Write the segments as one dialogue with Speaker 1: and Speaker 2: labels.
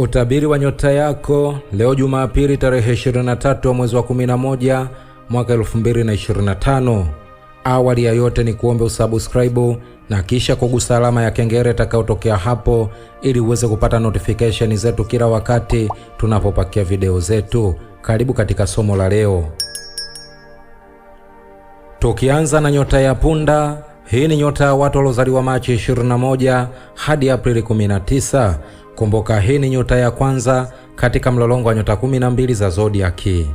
Speaker 1: Utabiri wa nyota yako leo Jumapili tarehe 23 mwezi wa 11 mwaka 2025. Awali ya yote ni kuombe usubscribe na kisha kugusa alama ya kengele itakayotokea hapo ili uweze kupata notification zetu kila wakati tunapopakia video zetu. Karibu katika somo la leo, tukianza na nyota ya punda. Hii ni nyota ya watu waliozaliwa Machi 21 hadi Aprili 19. Kumbuka hii ni nyota ya kwanza katika mlolongo wa nyota 12 za zodiaki.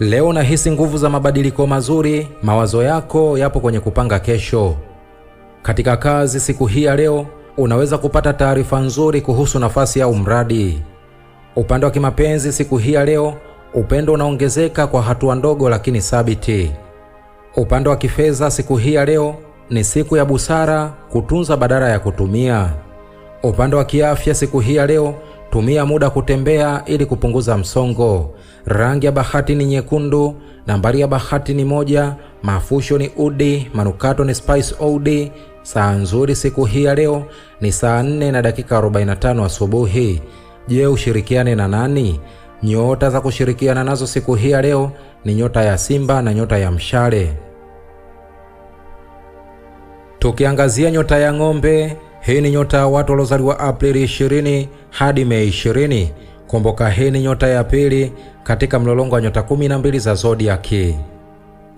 Speaker 1: Leo unahisi nguvu za mabadiliko mazuri, mawazo yako yapo kwenye kupanga kesho. Katika kazi siku hii ya leo, unaweza kupata taarifa nzuri kuhusu nafasi au mradi. Upande wa kimapenzi siku hii ya leo, upendo unaongezeka kwa hatua ndogo lakini thabiti. Upande wa kifedha siku hii ya leo, ni siku ya busara kutunza badala ya kutumia. Upande wa kiafya siku hii ya leo, tumia muda kutembea ili kupunguza msongo. Rangi ya bahati ni nyekundu. Nambari ya bahati ni moja. Mafusho ni udi. Manukato ni spice oudi. Saa nzuri siku hii ya leo ni saa 4 na dakika 45 asubuhi. Je, ushirikiane na nani? Nyota za kushirikiana nazo siku hii ya leo ni nyota ya Simba na nyota ya Mshale. Tukiangazia nyota ya Ng'ombe, hii ni nyota ya watu waliozaliwa Aprili 20 hadi Mei 20. Kumbuka, hii ni nyota ya pili katika mlolongo wa nyota 12 za zodiaki.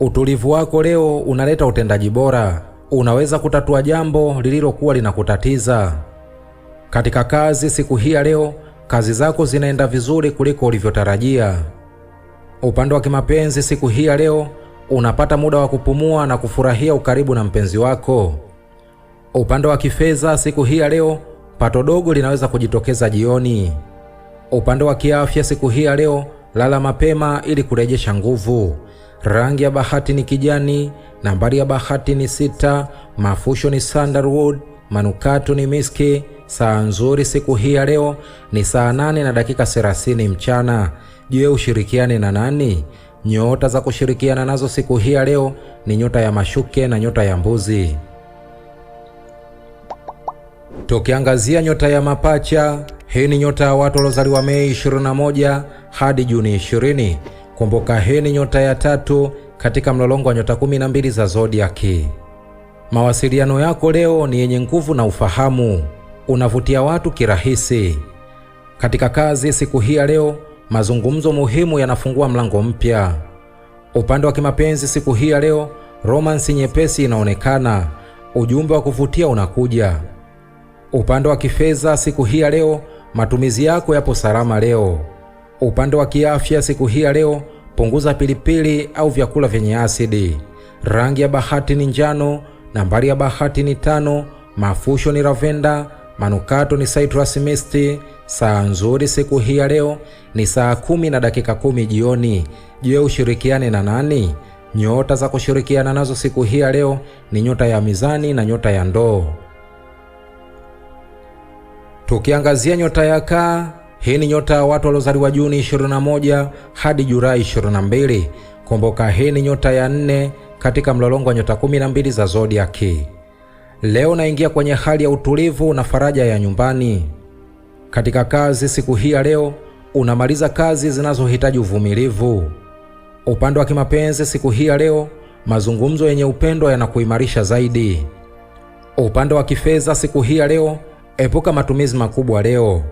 Speaker 1: Utulivu wako leo unaleta utendaji bora, unaweza kutatua jambo lililokuwa linakutatiza katika kazi. Siku hii ya leo, kazi zako zinaenda vizuri kuliko ulivyotarajia. Upande wa kimapenzi, siku hii ya leo, unapata muda wa kupumua na kufurahia ukaribu na mpenzi wako. Upande wa kifedha siku hii ya leo, pato dogo linaweza kujitokeza jioni. Upande wa kiafya siku hii ya leo, lala mapema ili kurejesha nguvu. Rangi ya bahati ni kijani. Nambari ya bahati ni sita. Mafusho ni sandalwood. Manukato ni miski. Saa nzuri siku hii ya leo ni saa nane na dakika 30 mchana. Je, ushirikiane na nani? Nyota za kushirikiana nazo siku hii ya leo ni nyota ya mashuke na nyota ya mbuzi. Tukiangazia nyota ya mapacha, hii ni nyota ya watu waliozaliwa Mei 21 hadi Juni 20. Kumbuka hii ni nyota ya tatu katika mlolongo wa nyota 12 za zodiaki. Mawasiliano yako leo ni yenye nguvu na ufahamu, unavutia watu kirahisi. Katika kazi siku hii ya leo, mazungumzo muhimu yanafungua mlango mpya. Upande wa kimapenzi siku hii ya leo, romansi nyepesi inaonekana, ujumbe wa kuvutia unakuja. Upande wa kifedha siku hii ya leo, matumizi yako yapo salama leo. Upande wa kiafya siku hii ya leo, punguza pilipili au vyakula vyenye asidi. Rangi ya bahati ni njano, nambari ya bahati ni tano, mafusho ni lavenda, manukato ni citrus mist. Saa nzuri siku hii ya leo ni saa kumi na dakika kumi jioni. Je, ushirikiane na nani? Nyota za kushirikiana nazo siku hii ya leo ni nyota ya mizani na nyota ya ndoo. Tukiangazia nyota ya Kaa, hii ni nyota ya watu waliozaliwa Juni 21 hadi Julai 22. Kumbuka hii ni nyota ya nne katika mlolongo wa nyota 12 za zodiaki. Leo naingia kwenye hali ya utulivu na faraja ya nyumbani. Katika kazi siku hii ya leo, unamaliza kazi zinazohitaji uvumilivu. Upande wa kimapenzi siku hii ya leo, mazungumzo yenye upendo yanakuimarisha zaidi. Upande wa kifedha siku hii ya leo Epuka matumizi makubwa leo.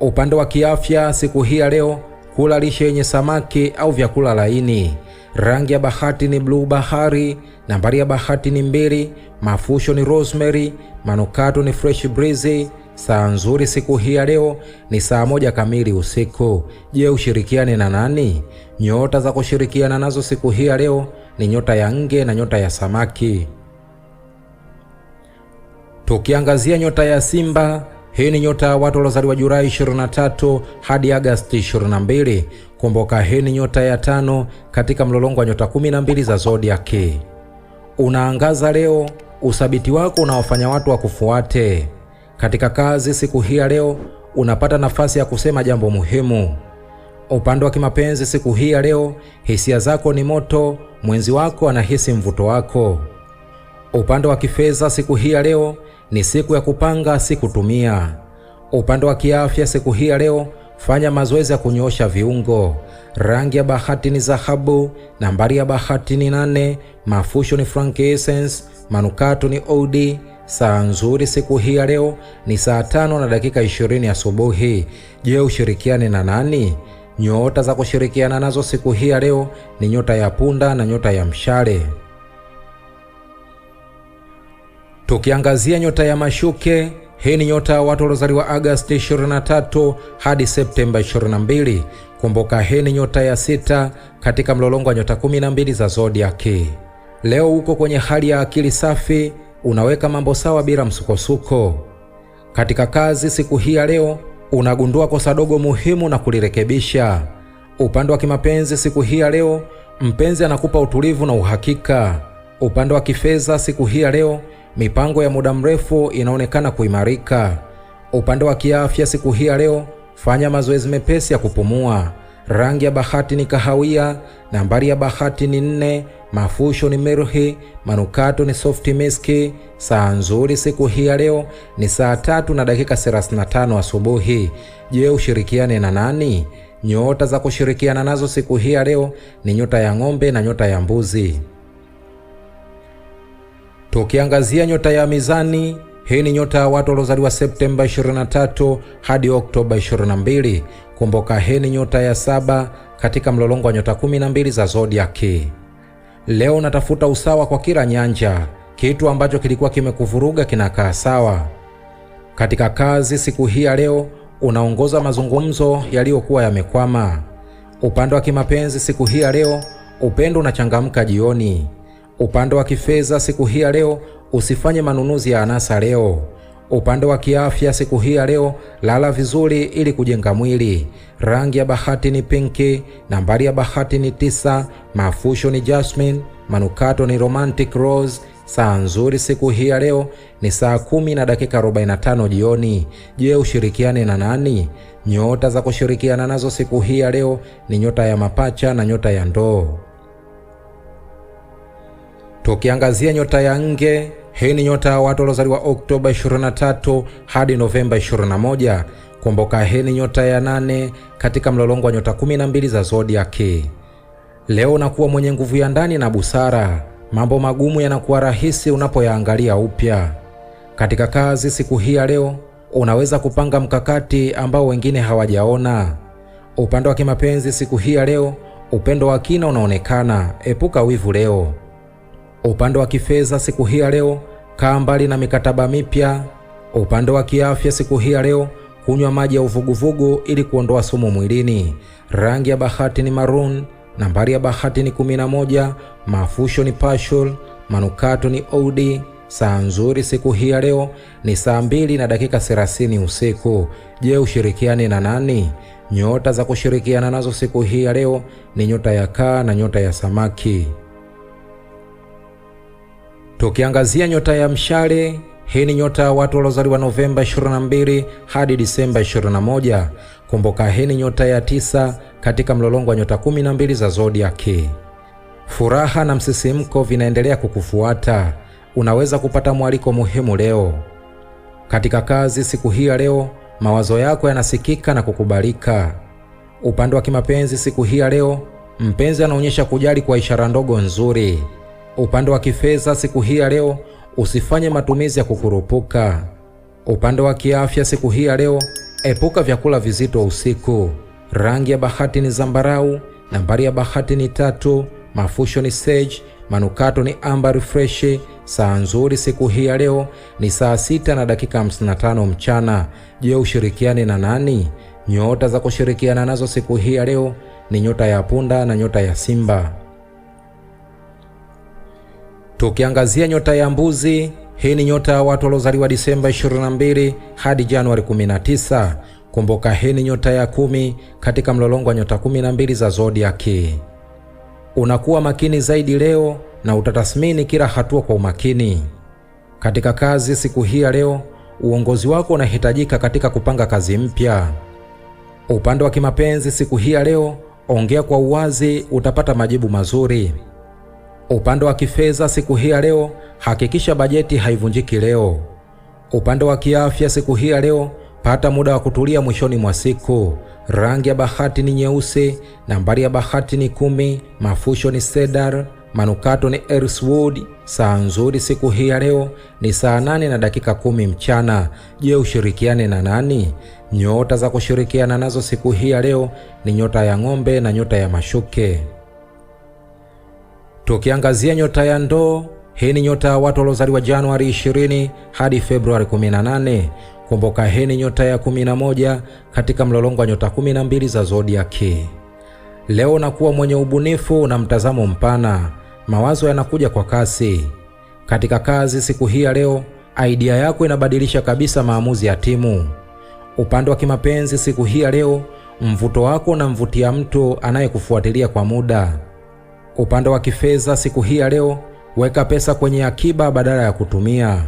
Speaker 1: Upande wa kiafya siku hii ya leo, kula lishe yenye samaki au vyakula laini. Rangi ya bahati ni bluu bahari. Nambari ya bahati ni mbili. Mafusho ni rosemary. Manukato ni fresh breezy. Saa nzuri siku hii ya leo ni saa moja kamili usiku. Je, ushirikiane na nani? Nyota za kushirikiana nazo siku hii ya leo ni nyota ya nge na nyota ya samaki. Tukiangazia nyota ya Simba, hii ni nyota ya watu waliozaliwa Julai 23 hadi Agasti 22. Kumbuka, hii ni nyota ya tano katika mlolongo wa nyota 12 za zodiaki. Unaangaza leo, uthabiti wako unawafanya watu wakufuate. Katika kazi siku hii ya leo, unapata nafasi ya kusema jambo muhimu. Upande wa kimapenzi siku hii ya leo, hisia zako ni moto, mwenzi wako anahisi mvuto wako. Upande wa kifedha siku hii ya leo, ni siku ya kupanga, si kutumia. Upande wa kiafya siku hii ya leo, fanya mazoezi ya kunyoosha viungo. Rangi ya bahati ni dhahabu. Nambari ya bahati ni nane. Mafusho ni frankincense. Manukato ni oudi. Saa nzuri siku hii ya leo ni saa tano na dakika ishirini asubuhi. Je, ushirikiane na nani? Nyota za kushirikiana nazo siku hii ya leo ni nyota ya punda na nyota ya mshale. Tukiangazia nyota ya mashuke, hii ni nyota ya watu waliozaliwa Agasti 23 hadi Septemba 22. Kumbuka, hii ni nyota ya sita katika mlolongo wa nyota 12 za zodiaki. Leo uko kwenye hali ya akili safi, unaweka mambo sawa bila msukosuko. Katika kazi siku hii ya leo, unagundua kosa dogo muhimu na kulirekebisha. Upande wa kimapenzi siku hii ya leo, mpenzi anakupa utulivu na uhakika. Upande wa kifedha siku hii ya leo, mipango ya muda mrefu inaonekana kuimarika. Upande wa kiafya siku hii ya leo, fanya mazoezi mepesi ya kupumua. Rangi ya bahati ni kahawia. Nambari ya bahati ni nne. Mafusho ni mirhi. Manukato ni soft miski. Saa nzuri siku hii ya leo ni saa tatu na dakika 35 asubuhi. Je, ushirikiane na nani? Nyota za kushirikiana nazo siku hii ya leo ni nyota ya ng'ombe na nyota ya mbuzi. Tukiangazia nyota ya mizani, hii ni nyota ya watu waliozaliwa Septemba 23 hadi Oktoba 22. Kumbuka, hii ni nyota ya saba katika mlolongo wa nyota 12 za zodiaki. Leo natafuta usawa kwa kila nyanja, kitu ambacho kilikuwa kimekuvuruga kinakaa sawa. Katika kazi siku hii ya leo, unaongoza mazungumzo yaliyokuwa yamekwama. Upande wa kimapenzi siku hii ya leo, upendo unachangamka jioni. Upande wa kifedha siku hii ya leo, usifanye manunuzi ya anasa leo. Upande wa kiafya siku hii ya leo, lala vizuri ili kujenga mwili. Rangi ya bahati ni pinki. Nambari ya bahati ni tisa. Mafusho ni jasmine. Manukato ni romantic rose. Saa nzuri siku hii ya leo ni saa kumi na dakika 45 jioni. Je, ushirikiane na nani? Nyota za kushirikiana nazo siku hii ya leo ni nyota ya mapacha na nyota ya ndoo tukiangazia nyota ya nge. Hii ni nyota ya watu waliozaliwa Oktoba 23 hadi Novemba 21. Kumbuka, hii ni nyota ya nane katika mlolongo wa nyota 12 za zodiaki. Leo unakuwa mwenye nguvu ya ndani na busara. Mambo magumu yanakuwa rahisi unapoyaangalia upya. Katika kazi siku hii ya leo, unaweza kupanga mkakati ambao wengine hawajaona. Upande wa kimapenzi siku hii ya leo, upendo wa kina unaonekana. Epuka wivu leo. Upande wa kifedha siku hii ya leo, kaa mbali na mikataba mipya. Upande wa kiafya siku hii ya leo, kunywa maji ya uvuguvugu ili kuondoa sumu mwilini. Rangi ya bahati ni maroon. Nambari ya bahati ni moja Mafusho ni pashul. Manukato ni oudi. Saa nzuri siku hii ya leo ni saa mbili na dakika serasini usiku. Je, ushirikiane na nani? Nyota za kushirikiana nazo siku hii ya leo ni nyota ya kaa na nyota ya samaki. Tukiangazia nyota ya mshale, hii ni nyota ya watu waliozaliwa Novemba 22 hadi Disemba 21. Kumbuka, hii ni nyota ya tisa katika mlolongo wa nyota 12 za zodiaki. Furaha na msisimko vinaendelea kukufuata. Unaweza kupata mwaliko muhimu leo katika kazi. Siku hii ya leo, mawazo yako yanasikika na kukubalika. Upande wa kimapenzi, siku hii ya leo, mpenzi anaonyesha kujali kwa ishara ndogo nzuri. Upande wa kifedha siku hii ya leo, usifanye matumizi ya kukurupuka. Upande wa kiafya siku hii ya leo, epuka vyakula vizito usiku. Rangi ya bahati ni zambarau. Nambari ya bahati ni tatu. Mafusho ni sage. Manukato ni amba refreshi. Saa nzuri siku hii ya leo ni saa sita na dakika 55 mchana. Je, ushirikiane na nani? Nyota za kushirikiana nazo siku hii ya leo ni nyota ya punda na nyota ya simba. Tukiangazia nyota ya mbuzi, hii ni nyota ya watu waliozaliwa Disemba 22 hadi Januari 19. Kumbuka, hii ni nyota ya kumi katika mlolongo wa nyota 12 za zodiaki. Unakuwa makini zaidi leo na utatathmini kila hatua kwa umakini. Katika kazi siku hii ya leo, uongozi wako unahitajika katika kupanga kazi mpya. Upande wa kimapenzi siku hii ya leo, ongea kwa uwazi, utapata majibu mazuri. Upande wa kifedha siku hii ya leo, hakikisha bajeti haivunjiki leo. Upande wa kiafya siku hii ya leo, pata muda wa kutulia mwishoni mwa siku. Rangi ya bahati ni nyeusi, nambari ya bahati ni kumi, mafusho ni cedar, manukato ni erswood Saa nzuri siku hii ya leo ni saa nane na dakika kumi mchana. Je, ushirikiane na nani? Nyota za kushirikiana nazo siku hii ya leo ni nyota ya ng'ombe na nyota ya mashuke. Tukiangazia nyota ya ndoo, hii ni nyota ya watu waliozaliwa Januari 20 hadi Februari 18. Kumbuka hii ni nyota ya 11 katika mlolongo wa nyota 12 za zodiaki. Leo unakuwa mwenye ubunifu na mtazamo mpana, mawazo yanakuja kwa kasi. Katika kazi siku hii ya leo, idea yako inabadilisha kabisa maamuzi ya timu. Upande wa kimapenzi siku hii ya leo, mvuto wako unamvutia mtu anayekufuatilia kwa muda. Upande wa kifedha siku hii ya leo, weka pesa kwenye akiba badala ya kutumia.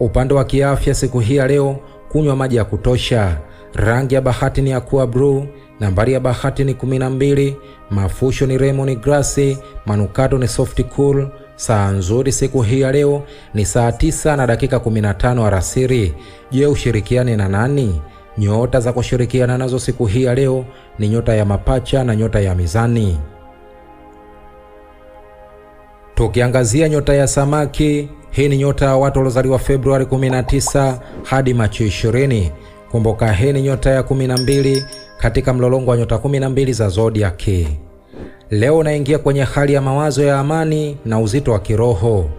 Speaker 1: Upande wa kiafya siku hii ya leo, kunywa maji ya kutosha. Rangi ya bahati ni aqua blue. Nambari ya bahati ni 12. Mafusho ni lemon grass. Manukato ni soft cool. Saa nzuri siku hii ya leo ni saa tisa na dakika 15 alasiri. Je, ushirikiane na nani? Nyota za kushirikiana nazo siku hii ya leo ni nyota ya mapacha na nyota ya mizani. Tukiangazia nyota ya samaki, hii ni nyota ya watu waliozaliwa Februari 19 hadi Machi 20. Kumbuka, hii ni nyota ya 12 katika mlolongo wa nyota 12 za zodiac. Leo unaingia kwenye hali ya mawazo ya amani na uzito wa kiroho.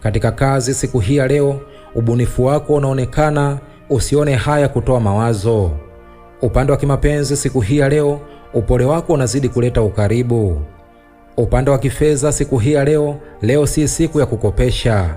Speaker 1: Katika kazi siku hii ya leo, ubunifu wako unaonekana, usione haya kutoa mawazo. Upande wa kimapenzi siku hii ya leo, upole wako unazidi kuleta ukaribu. Upande wa kifedha siku hii ya leo, leo si siku ya kukopesha.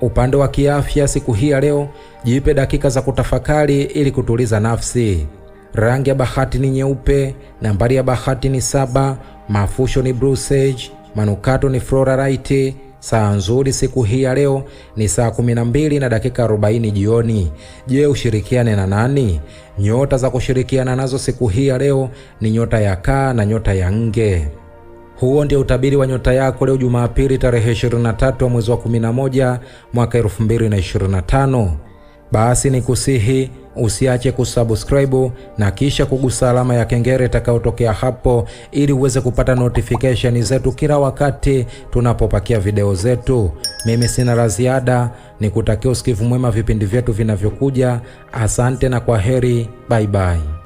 Speaker 1: Upande wa kiafya siku hii ya leo, jipe dakika za kutafakari ili kutuliza nafsi. Rangi ya bahati ni nyeupe, nambari ya bahati ni saba, mafusho ni blue sage, manukato ni floralite. Saa nzuri siku hii ya leo ni saa 12 na dakika 40 jioni. Je, ushirikiane na nani? Nyota za kushirikiana nazo siku hii ya leo ni nyota ya kaa na nyota ya nge. Huo ndio utabiri wa nyota yako leo Jumapili tarehe 23 mwezi wa 11 mwaka 2025. Basi ni kusihi usiache kusubscribe na kisha kugusa alama ya kengele itakayotokea hapo ili uweze kupata notification zetu kila wakati tunapopakia video zetu. Mimi sina la ziada, ni kutakia usikivu mwema vipindi vyetu vinavyokuja. Asante na kwa heri, bye bye.